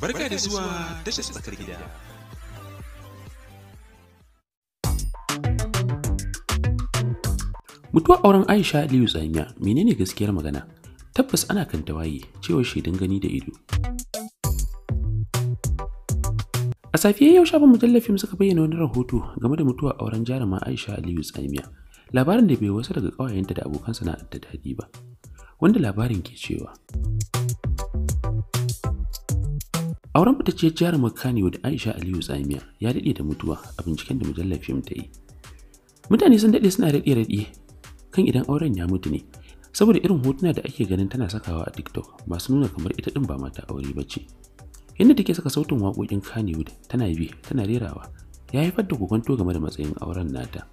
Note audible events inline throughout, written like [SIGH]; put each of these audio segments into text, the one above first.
Barka da zuwa tashar tsakar gida. Mutuwa auren Aisha Aliyu Tsamiya menene gaskiyar magana? Tabbas ana kan tawaye cewa shaidun gani da ido. A safiyar yau shafin mutallafin suka bayyana wani rahoto game da mutuwa auren jarama Aisha Aliyu Tsamiya. Labarin da bai wasu daga ƙawayenta da abokansa na da daɗi ba, wanda labarin ke cewa. Auren fitacciyar makani da Aisha Aliyu Tsamiya ya daɗe da mutuwa a binciken da mujallar fim ta yi. Mutane sun daɗe suna daɗe-daɗe kan idan auren ya mutu ne, saboda irin hotuna da ake ganin tana sakawa a TikTok masu nuna kamar ita ɗin ba mata aure ba ce. Yadda take saka sautin waƙoƙin Kaniwood tana bi tana rerawa ya haifar da kokonto game da matsayin auren nata.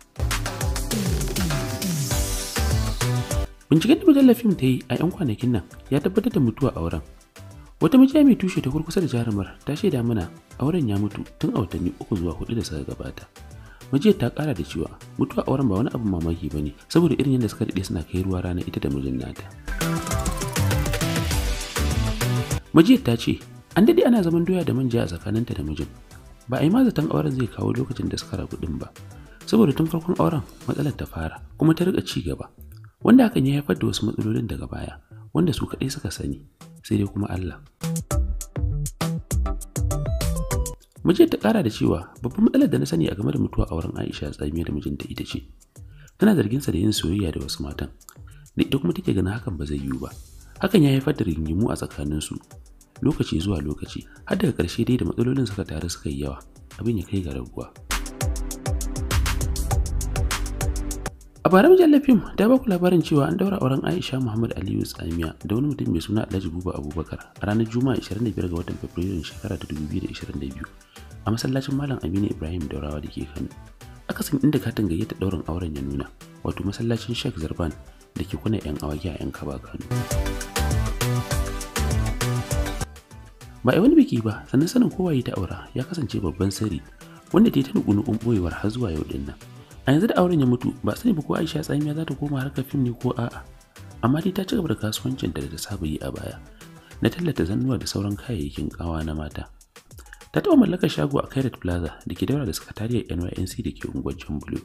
Binciken da mujallar fim ta yi a 'yan kwanakin nan ya tabbatar da mutuwa auren wata mijiya mai tushe ta kurkusa da jarumar ta shaida mana auren ya mutu tun a watanni uku zuwa hudu da suka gabata majiyar ta kara da cewa mutuwa auren ba wani abin mamaki ba ne saboda irin yadda suka daɗe suna kai ruwa rana ita da mijin nata majiyar ta ce an daɗe ana zaman doya da manja a tsakaninta da mijin ba a yi mazatan auren zai kawo lokacin da suka rabu ɗin ba saboda tun farkon auren matsalar ta fara kuma ta riƙa ci gaba wanda hakan ya haifar da wasu matsalolin daga baya wanda su kaɗai suka sani sai dai kuma Allah. Mijiyar ta ƙara da cewa babban matsalar da na sani a game da mutuwa a wurin Aisha tsamiya da mijinta ita ce, tana zarginsa da yin soyayya da wasu matan, da ita kuma take ganin hakan ba zai yiwu ba. Hakan ya haifar da rigingimu a tsakaninsu, lokaci zuwa lokaci, har daga ƙarshe dai da matsalolin suka taru suka yi yawa, abin ya kai ga raguwa. A bara mujallar fim ta baku labarin cewa an daura auren Aisha Muhammad Aliyu Tsamiya da wani mutum mai suna Alhaji Buba Abubakar a ranar Juma'a 25 ga watan Fabrairu shekara ta 2022 a masallacin Malam Aminu Ibrahim Daurawa da ke Kano. Akasin inda katin gayyata daurin auren ya nuna, wato masallacin Sheikh Zarban da ke kuna 'yan awaki a 'yan kaba Kano. Ba a wani biki ba, sannan sanin kowaye ta aura ya kasance babban sirri wanda ta yi ta nukunukun ɓoyewar har zuwa yau din a yanzu da auren ya mutu ba sani ba ko aisha tsamiya za ta koma harkar fim ne ko a'a amma dai ta ci gaba da kasuwancin da ta saba yi a baya na tallata zannuwa da sauran kayayyakin kawa na mata ta taɓa mallakar shago a kairat plaza da ke daura da sakatariyar nync da ke unguwar bulu.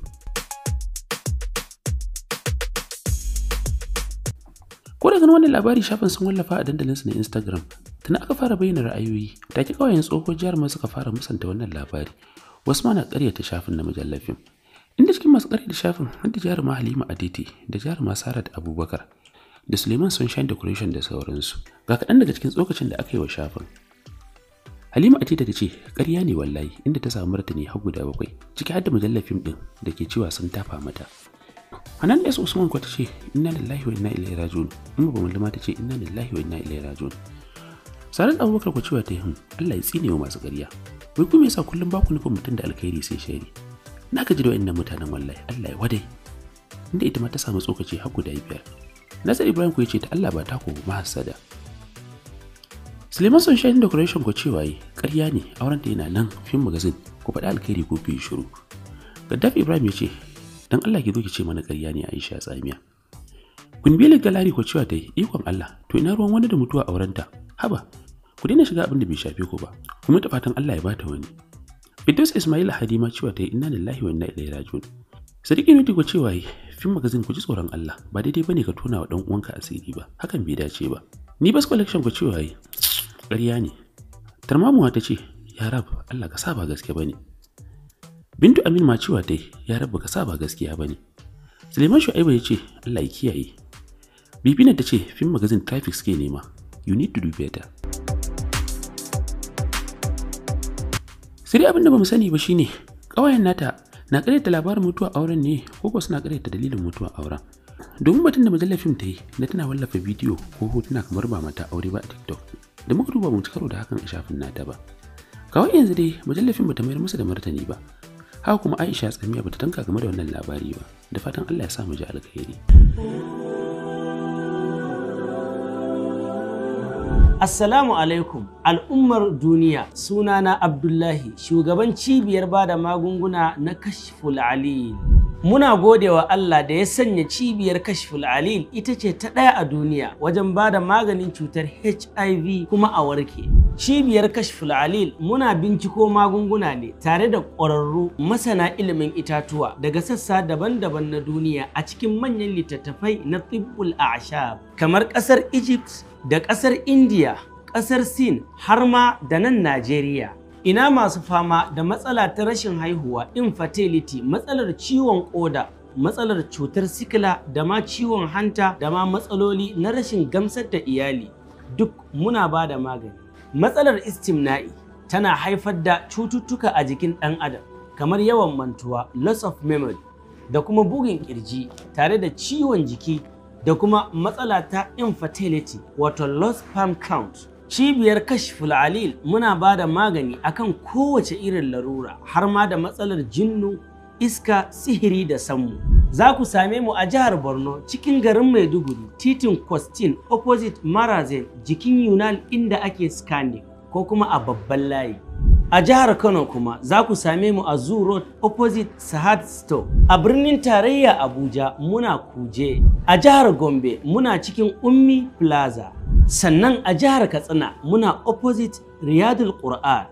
ko da ganin wannan labari shafin sun wallafa a dandalinsu na instagram tana aka fara bayyana ra'ayoyi ki ƙawayen tsohon jihar suka fara musanta wannan labari wasu ma na ƙaryata shafin na mujallar fim inda cikin masu ƙarfi da shafin har da jaruma halima aditi da jaruma sarat abubakar da suleiman sun shine decoration da sauransu ga kaɗan daga cikin tsokacin da aka yi wa shafin halima aditi ta ce ƙarya ne wallahi inda ta samu martani har guda bakwai ciki har da mujallar fim ɗin da ke cewa sun tafa mata hanan s usman kwata ce inna lillahi wa inna ilaihi rajiun Amma ba mulma ta ce inna lillahi wa inna ilaihi rajiun sarar abubakar ku cewa ta yi hmm, allah ya tsine wa masu ƙarya wai kuma yasa kullum ba ku nufin mutum da alkhairi sai shari'a na gaji da wa'annan mutanen wallahi Allah ya wadai inda ita ma ta samu tsokaci har guda biyar Nasir Ibrahim ku ce ta Allah ba ta ku ma hasada Suleiman Sunshine Decoration ku cewa yi ƙarya ne auren ta yana nan film magazin. ku faɗi alkhairi ko fi shiru Gaddafi Ibrahim ya ce dan Allah ki zo ki ce mana ƙarya ne Aisha Tsamiya bi Galari ku cewa dai ikon Allah to ina ruwan wani da mutuwa aurenta haba ku daina shiga abin da bai shafe ku ba kuma ta fatan Allah ya bata wani Fitos Ismail Hadima cewa ta yi inna lillahi wa inna ilaihi rajiun. Sadiqi ne ko cewa yi fim magazin ku ji tsoron Allah ba daidai bane ka tona wa dan uwanka asiri ba hakan bai dace ba. Ni bas collection ku cewa yi ƙarya ne. Tarmamuwa ta ce ya rab Allah ka saba gaske bane. Bintu Amin ma cewa ta yi ya rab ka saba gaskiya bane. Suleiman Shu'aibu ya ce Allah ya kiyaye. Bibina ta ce fim magazin traffic suke nema you need to do better. sai abin da bamu sani ba shine ƙawayen nata na karyata labarin mutuwa auren ne ko ko suna karyata dalilin mutuwa auren domin batun da mujallar fim ta yi na tana wallafa bidiyo ko hotuna kamar ba mata aure ba a tiktok da muka duba mu karo da hakan a shafin nata ba kawai yanzu dai mujallar fim bata mayar musu da martani ba haka kuma aisha tsamiya bata tanka game da wannan labari ba da fatan allah ya sa mu ji alkhairi Assalamu alaikum al'ummar duniya sunana Abdullahi shugaban cibiyar bada magunguna na kashiful alil. Muna gode wa Allah da ya sanya cibiyar kashiful alil ita ce ta ɗaya a duniya wajen bada maganin cutar HIV kuma a warke. Cibiyar Kashful Alil muna binciko magunguna ne tare da ƙwararru masana ilimin itatuwa daga sassa daban-daban na duniya a cikin manyan littattafai na tibbul ashab kamar ƙasar Egypt da ƙasar India, ƙasar Sin har ma da nan Najeriya. Ina masu fama da matsala ta rashin haihuwa infertility matsalar ciwon ƙoda matsalar cutar sikila da ma ciwon hanta da ma matsaloli na rashin gamsar da iyali duk muna ba da magani. Matsalar istimna'i tana haifar da cututtuka a jikin ɗan adam kamar yawan mantuwa loss of memory da kuma bugun kirji tare da ciwon jiki da kuma matsala ta infertility wato (loss sperm count cibiyar Kashi alil muna ba da magani akan kowace irin larura har ma da matsalar jinnu iska sihiri da sammu za ku same mu a jihar Borno cikin garin Maiduguri titin Kwastin opposite Marazen jikin Yunan inda ake scanning ko kuma a babban layi. A jihar Kano kuma za ku same mu a Zoo Road opposite Sahad Store. A birnin tarayya Abuja muna Kuje. A jihar Gombe muna cikin Ummi Plaza. Sannan a jihar Katsina muna opposite Riyadul Qur'an.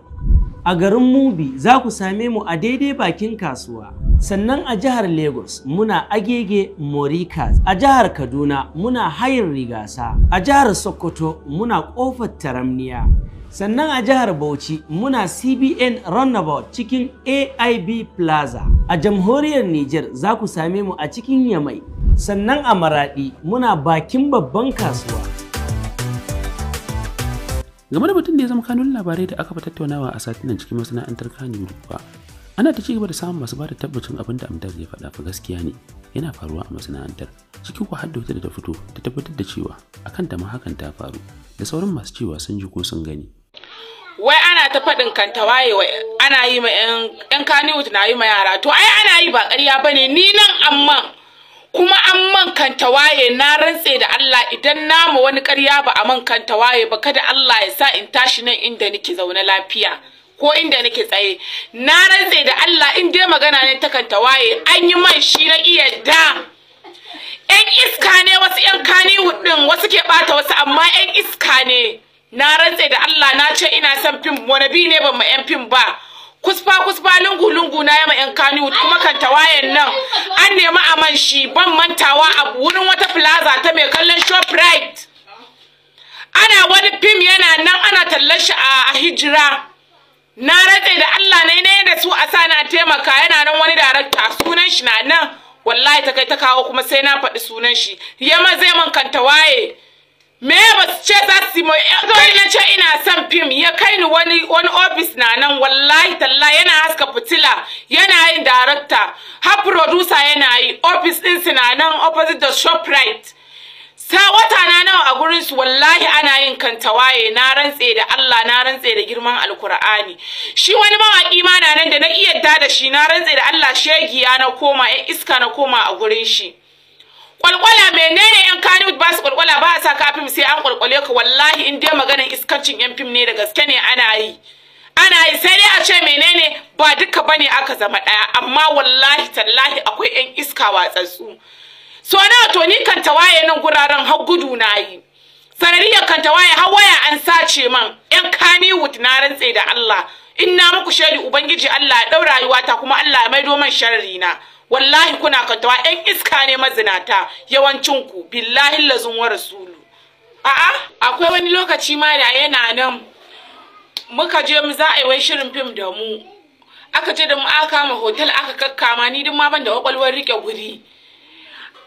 A garin Mubi za ku same mu a daidai bakin kasuwa. sannan a jihar lagos muna agege Morikas a jihar kaduna muna hayin rigasa a jihar sokoto muna kofar taramniya sannan a jihar bauchi muna cbn runabout cikin aib plaza a jamhuriyar niger za ku same mu a cikin yamai sannan a Maraɗi muna bakin babban kasuwa game da mutum da ya zama kanun labarai da aka fi tattaunawa a satinan cikin masana'antar kanin ba ana ta gaba da samun masu bada tabbacin abin da amdar ya faɗa fa gaskiya ne yana faruwa a masana'antar cikin ku har da wata da ta fito ta tabbatar da cewa akan ta ma hakan ta faru da sauran masu cewa sun ji ko sun gani wai ana ta faɗin kanta waye wai ana yi ma yan kaniwut na yi ma yara to ai ana yi ba ƙarya bane ni nan amma kuma an man kanta waye na rantse da Allah idan na ma wani ƙarya ba a man kanta waye ba kada Allah ya sa in tashi nan inda nake zaune lafiya ko inda nake tsaye na rantse da Allah in dai magana ne takan tawaye an yi man shi na iya da yan iska ne wasu yan kani din wasu ke bata wasu amma yan iska ne na rantse da Allah na ce ina son fim wani bi ne ban ma yan fim ba kusfa kusfa lungu lungu na yama kani kaniwood kuma kan tawayen nan an nemi a man shi ban mantawa a wurin wata plaza ta mai kallon shoprite ana wani fim yana nan ana tallar shi a hijira na rade da Allah ne ne da su a sa na taimaka yana nan wani darakta sunan shi na nan wallahi ta kai ta kawo kuma sai na faɗi sunan shi yamma zai man kanta waye me ba su ce za su yi kai na ce ina son fim ya kai ni wani wani ofis na nan wallahi talla yana haska fitila yana yin darakta Ha producer yana yi ofis ɗin su na nan opposite da shoprite ta wata na nawa a gurin su wallahi ana yin kantawaye na rantse da Allah na rantse da girman alkur'ani shi wani mawaki ma na nan da na iya da shi na rantse da Allah shegiya na koma ya iska na koma a gurin shi kwalkwala menene yan kaniwood ba su kwalkwala ba sa kafin sai an kwalkwale ka wallahi in dai maganar iskancin yan fim ne da gaske ne ana yi ana yi sai dai a ce menene ba duka bane aka zama daya amma wallahi tallahi akwai yan iska watsatsu so na, to ni kan tawaye nan guraren har gudu na yi sanadiyar kan tawaye har waya an sace man yan kaniwut na rantse da Allah inna muku shaidu ubangiji Allah ya dau rayuwata kuma Allah ya maido man sharri na wallahi kuna kantawa yan iska ne mazinata yawancin ku billahi lazun wa rasulu a'a akwai wani lokaci ma da yana nan muka je mu za a yi wai shirin fim da mu aka je da mu aka kama hotel aka kakkama ni duk ma ban da kwakwalwar rike guri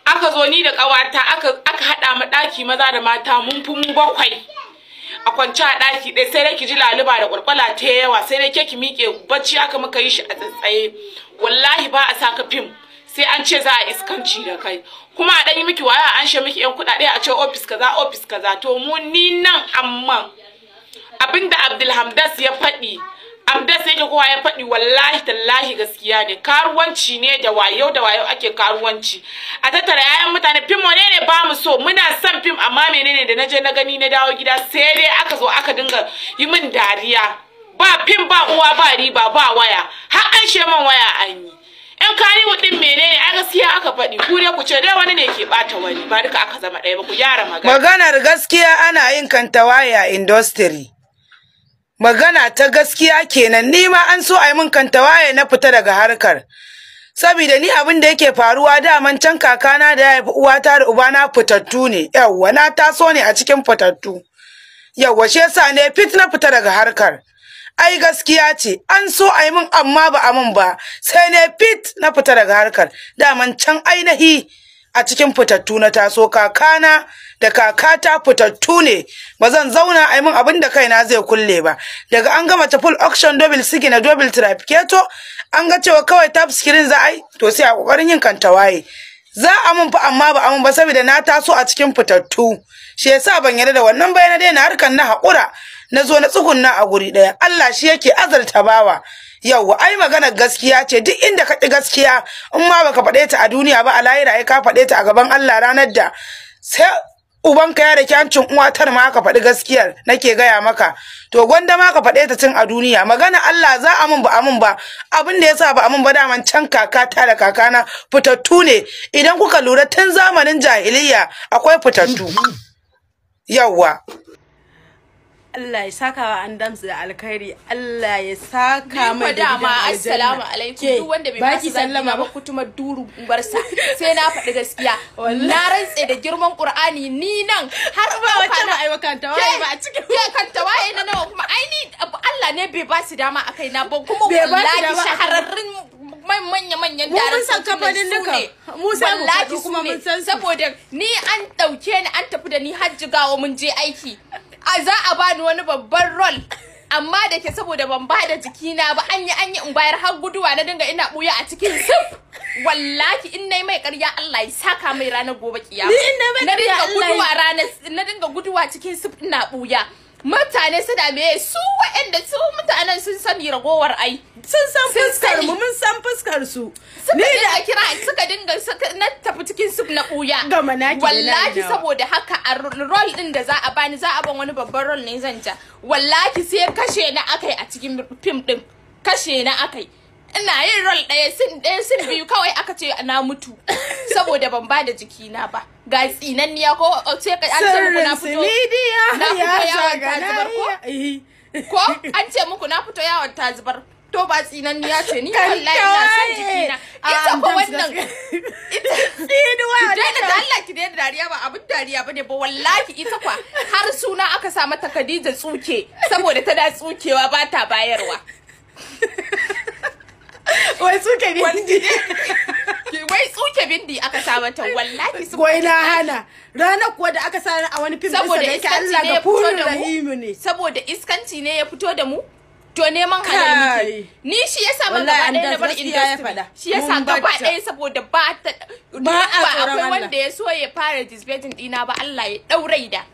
aka zo ni da ƙawata aka haɗa mu ɗaki maza da mata mun fi mu bakwai a kwanci a ɗaki ɗaya sai dai ki ji laluba da kwalkwala ta yawa sai dai ke ki miƙe bacci aka muka yi shi a tsatsaye wallahi ba a saka fim sai an ce za a iskanci da kai kuma a ɗanyi miki waya an she miki yan kuɗaɗe a ce ofis kaza ofis kaza to mu ni nan amma. abinda abdulhamdas ya faɗi abda sai da kowa ya faɗi wallahi tallahi gaskiya ne karuwanci ne da wayo da wayo ake karuwanci a tattara yayan mutane fim wane ne ba mu so muna son fim amma menene da naje na gani na dawo gida sai dai aka zo aka dinga yi min dariya ba fim ba uwa ba riba ba waya har an she man waya an yi yan kariwu din menene a gaskiya aka faɗi ku dai ku ce dai wani ne ke bata wani ba duka aka zama ɗaya ba ku gyara magana maganar gaskiya ana yin kantawa industry magana ta gaskiya kenan ni ma an so a yi min kantawaye na fita daga harkar saboda ni abin da yake faruwa da man can kakana da ya fi uwata da uba na fitattu ne yauwa na taso ne a cikin fitattu yawwa shi yasa ne fit na fita daga harkar ai gaskiya ce an so a yi min amma ba a min ba sai ne fit na fita daga harkar Da man can ainihi a cikin fitattu na taso kakana da kakata fitattu ne ba zan zauna a yi min abin da kaina zai kulle ba daga an gama ta full auction double sigi na double trafficato an ga cewa kawai tap screen za a yi to sai a kokarin yin kanta waye za a mun fa amma ba amun ba saboda na taso a cikin fitattu shi yasa ban yarda da wannan bayan na harkan na hakura na zo na tsugunna a guri daya. Allah shi yake azalta bawa yawwa ai magana gaskiya ce duk inda ka ƙi gaskiya in ma baka faɗe ta a duniya ba a lahira ka faɗe ta a gaban Allah ranar da sai ubanka ya da hancin uwatar ma ka faɗi gaskiyar nake gaya maka to gwanda ma ka faɗe ta tun a duniya magana Allah za a mun ba amun ba abin da yasa ba amun ba daman can kaka ta da kakana fitattu ne idan kuka lura tun zamanin jahiliya akwai fitattu yawwa Allah ya saka wa an damsu da alkhairi Allah ya saka mai da dama assalamu alaikum duk wanda bai baki sallama ba kutuma duru barsa sai na faɗi gaskiya na rantse da girman Qur'ani ni nan har ba wata ba ai makanta waye ba a cikin ke kanta waye na nawa kuma ai ni Allah ne bai ba su dama akai na ba kuma wallahi shahararrun manya-manyan daren san kamfanin duka mun san kuma mun san saboda ni an dauke ni an tafi da ni har jigawa mun je aiki a za a bani wani babban rol amma da ke saboda ban ba da jikina ba an yi an yi in bayar har guduwa na dinga ina buya a cikin sif wallahi in nayi mai karya, Allah ya saka mai ranar gobe kiyama na dinga guduwa ranar cikin sif ina buya mutane suna da me su waɗanda su mutanen sun sani ragowar ai sun san fuskar mu mun san fuskar su ni da kira suka dinga na tafi cikin su na buya wallahi saboda haka a rol din da za a bani za a ban wani babban rol ne zan ja wallahi sai kashe na akai a cikin film din kashe na akai ina yin roll ɗaya sin ɗaya sin biyu kawai aka ce na mutu saboda ban ba da jikina ba ga tsinanniya ko oh, sai ka an ce muku na fito na fito yawon tazubar ko ko an ce muku na fito yawon tazubar to ba tsinanniya ce ni Allah ina son jikina ah, ita ko wannan [LAUGHS] ita tsinuwa ki daina da Allah ki da dariya ba abin dariya ba ne ba wallahi ita kwa har suna aka sa mata Khadija tsuke saboda tana tsukewa ba ta bayarwa [LAUGHS] wai tsuke bindi [LAUGHS] wai tsuke bindi aka sa mata wallahi su wai na hana rana kuwa da aka sa a wani fim saboda iskanci ne ya fito da mu saboda iskanci ne ya fito da mu to neman halal ni shi yasa ma gaba ɗaya na bar industry shi yasa gaba ɗaya saboda ba ta ba akwai wanda ya so ya fara disbetin dina ba Allah ya daurai da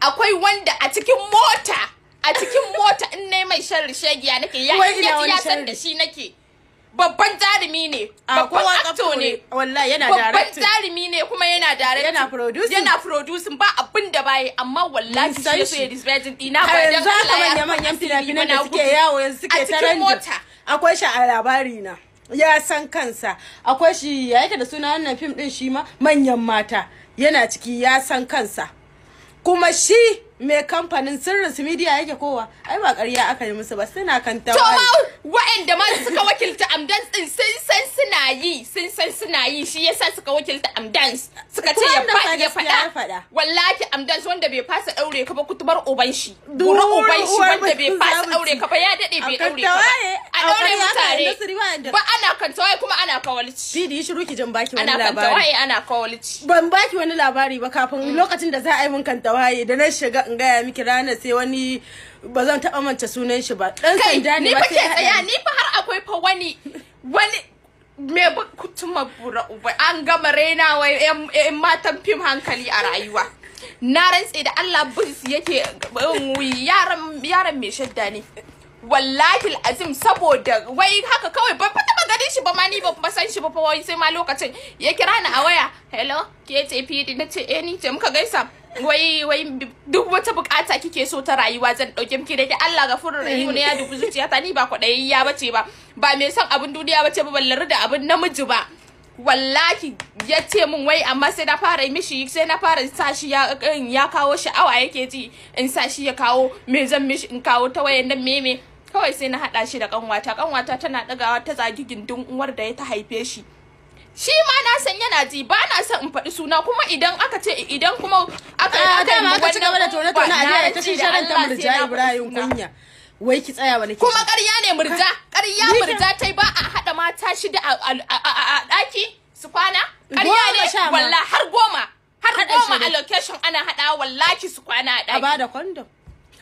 akwai wanda a cikin mota a cikin mota in nayi mai sharri shegiya nake ya ya san da shi nake babban jarumi ne babban acto ne yana babban jarumi ne kuma yana directing yana producing yana producing ba abin da baye amma wallahi sai su yi disbanding dina ba da Allah ya manyan filafinan da suke yawo yanzu suke taranda akwai shi a labari na ya san kansa akwai shi ya yake da suna wannan fim din shi ma manyan mata yana ciki ya san kansa kuma shi mai kamfanin sirrin su media yake kowa ai ba ƙarya aka yi musu ba suna kan tawaye to ma wa'anda ma suka wakilta amdans din sun san suna yi sun san suna yi shi yasa suka wakilta amdans suka ce ya faɗi ya faɗa wallahi amdans wanda bai fasa daure ka ba kutubar uban shi dura uban shi wanda bai fasa daure ka ba ya dade bai daure ka a daure mutare ba ana kantawaye kuma ana kawalci didi shiru ki jin baki wani labari ana kantawaye ana kawalci ban baki wani labari ba kafin mm. lokacin da za a yi mun kantawaye da na shiga in gaya miki ranar sai wani ba zan taɓa manta sunan shi ba ɗan sanda ne ba sai tsaya ni fa har akwai fa wani wani me ba kutuma bura uba an gama raina wai yan matan fim hankali a rayuwa na rantse da Allah bus yake um, yaran yaran me shadda ne wallahi azim saboda wai haka kawai ba fata ba gani shi ba ma ni ba san shi ba fa wai sai ma lokacin ya kira ni a waya hello ke ce fidi na ce eh ni ce muka gaisa wai wai duk wata bukata kike so ta rayuwa zan dauke miki da Allah gafurur rayuwa ne ya zuciya ta ni ba kwadayayya bace ba ba mai son abin duniya bace ba ballar da abin namiji ba wallahi ya ce min wai amma sai na fara mishi sai na fara sa shi ya ya kawo sha'awa yake ji in sa shi ya kawo me zan mishi in kawo ta wayan nan meme kawai sai na hada shi da kanwata kanwata tana dagawa ta zagi gindin uwar da ya ta haife shi shi ma na san yana ji ba na san in faɗi suna kuma idan aka ce idan kuma aka yi ah, aka aka ci gaba da tona tona a ta shi sharan ta murja Ibrahim kunya wai ki tsaya wani kuma ƙarya ne murja ƙarya murja tai ba a hada mata shida a daki su kwana ƙarya ne wallahi har goma har goma a location ana hada wallahi su kwana a daki a bada condom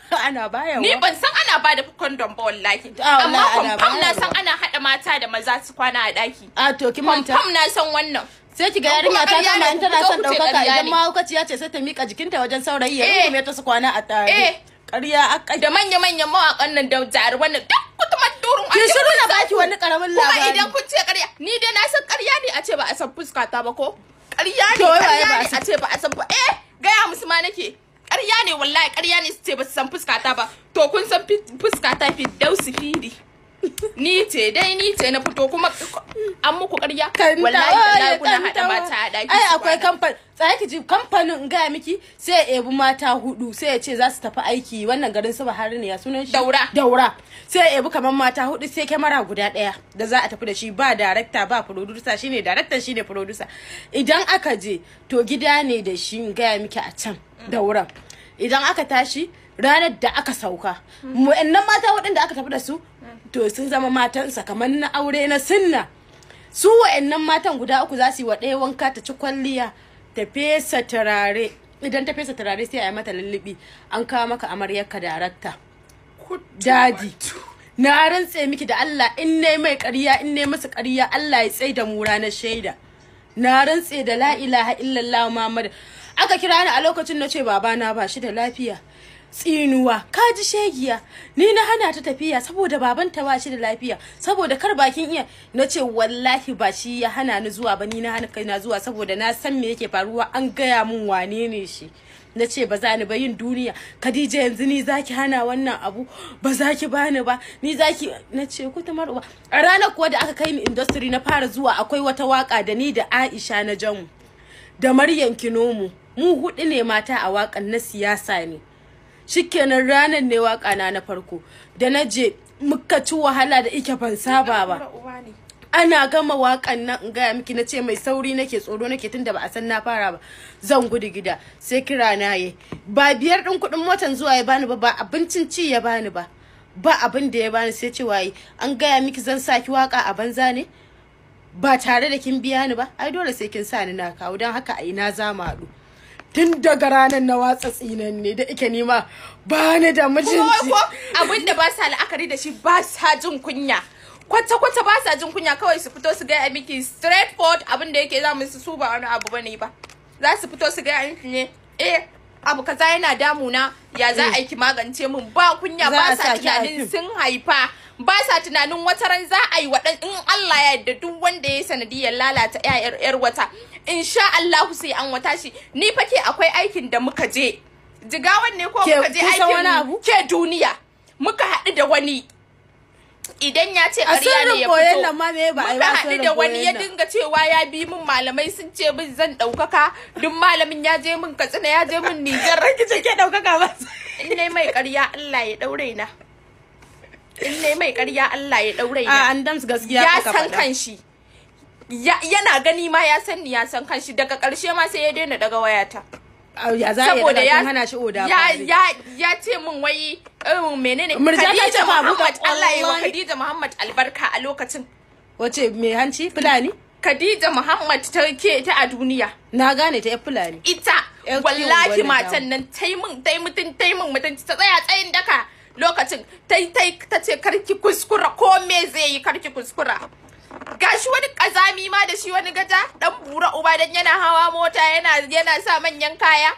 [LAUGHS] ana baya ni ban san ana ba da condom ba wallahi ah, amma confirm na san ana hada mata da maza su kwana a daki a ah, to ki manta confirm na san wannan sai ki ga yarinya ta kama in tana son daukaka idan ya ce sai ta mika jikinta wajen saurayi ya eh. rungume ta su kwana a tare eh. ƙarya akai da manya manya mawakan nan da jaruman nan duk kutumar durun ki shiru na baki wani karamin labari kuma idan kun ce ƙarya ni dai na san ƙarya ne a ce ba a san fuska ta ba ko ƙarya ne ƙarya ne a ce ba a san ba eh gaya musu ma nake ƙarya ne wallahi ƙarya ne su ce ba su san fuskata ba to kun san fuskata fi dausi fili ni ce dai ni ce na fito kuma an muku karya wallahi wallahi kuna hada mata a daki ai akwai kamfan tsaya ki ji kamfanin ga miki sai ya ebi mata hudu sai ya ce za su tafi aiki wannan garin su Bahari ne ya sunan shi daura daura sai ya ebi kamar mata hudu sai kamara guda daya da za a tafi da shi ba director ba producer shine director shine producer idan aka je to gida ne da shi ga miki a can daura idan aka tashi ranar da aka sauka wa'annan mata hudun da aka tafi da su to sun zama matansa kamar na aure na sunna su wa'annan matan guda uku za su yi wa ɗaya wanka ta ci kwalliya ta fesa turare idan ta fesa turare sai a yi mata lullubi an kawo maka ka darakta daji na rantse miki da Allah in ne mai ƙarya in ne masa ƙarya Allah ya tsaida da mu ranar shaida na rantse da la ilaha illallah Muhammad aka kira ni a lokacin na ce babana ba shi da lafiya tsinuwa ka ji shegiya ni na hana ta tafiya saboda babanta ba shi da lafiya saboda kar bakin iya na ce wallahi ba shi ya hana ni zuwa ba ni na hana kaina zuwa saboda na san me yake faruwa an gaya min wane ne shi na ce ba za ni ba yin duniya Khadija yanzu ni zaki hana wannan abu ba za bani ba ni zaki na ce ku ta maruwa a ranar kuwa da aka kai ni industry na fara zuwa akwai wata waka da ni da Aisha na jamu da Maryam Kinomu mu hudu ne mata a wakan na siyasa ne shikenan ranar ne waka na na farko da na je muka ci wahala da ike ban saba ba ana gama wakan nan in gaya miki na ce mai sauri nake tsoro nake tunda ba a san na fara ba zan gudu gida sai kira na ye ba biyar din kudin motan zuwa ya bani ba ba abincin ci ya bani ba ba abin da ya bani sai ce waye an gaya miki zan saki waka a banza ne ba tare da kin biya ni ba ai dole sai kin sa ni na kawo don haka a ina za mu haɗu tun daga ranar na watsa tsinan ne da ike nima ba ni da mijinci abin da ba sa la'akari da shi ba sa jin kunya kwata-kwata ba sa jin kunya kawai su fito su ga gaya miki straight forward abin da yake za mu su ba wani abu bane ba za su fito su gaya miki ne eh abu kaza yana damuna ya za a yi magance mun ba kunya ba sa tunanin sun haifa ba sa tunanin wata za a yi waɗan in Allah ya yarda duk wanda ya sanadiyar lalata 'yar wata insha Allah sai an wata shi ni fa ke akwai aikin da muka je jiga wanne ko muka je aikin ke duniya muka haɗu da wani idan ya ce ƙarya ne ya fito A muka haɗu da wani ya dinga cewa ya bi min malamai sun ce min zan ɗaukaka duk malamin ya je min katsina ya je min nijar [LAUGHS] rikice ke ɗaukaka ba in nai mai ƙarya Allah ya ɗaure na in nai mai ƙarya Allah ya ɗaure na a an dams gaskiya ya san kanshi shi yana gani ma ya san ni ya san kanshi daga karshe ma sai ya daina daga wayata ya za saboda ya hana shi oda ya ya ya ce min wai oh, menene Khadija Muhammad Allah ya Khadija Muhammad albarka a lokacin wace mai hanci fulani Khadija Muhammad ta ke ta a duniya na gane ta yar fulani ita wallahi matan nan tai min tai mutun tai min mutun ta tsaya tsayin daka lokacin tai tai ta ce karki kuskura ko me zai yi karki kuskura gashi wani kazami ma da shi wani gata dan bura uba dan yana hawa mota yana yana sa manyan kaya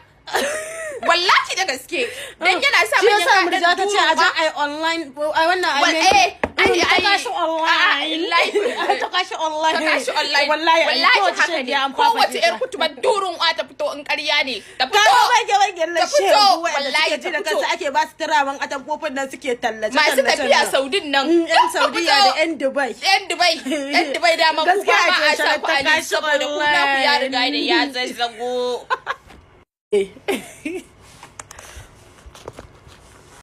wallahi da gaske dan oh, yana sa manyan kaya dan ta ce a ja ai online ai wannan ai ai ai ta kashi online ta [LAUGHS] kashi online ta kashi online wallahi wallahi ne kowace yar kutuba durun a ta fito in ƙarya ne ta fito ka fito! wallahi ake ba su turawan atamfofin nan suke tallace masu tafiya saudin nan yan mm, saudiya da yan dubai yan dubai yan dubai da kuma ma a sa ku ali saboda kuna ku ya riga ne ya zazzago [LAUGHS] eh.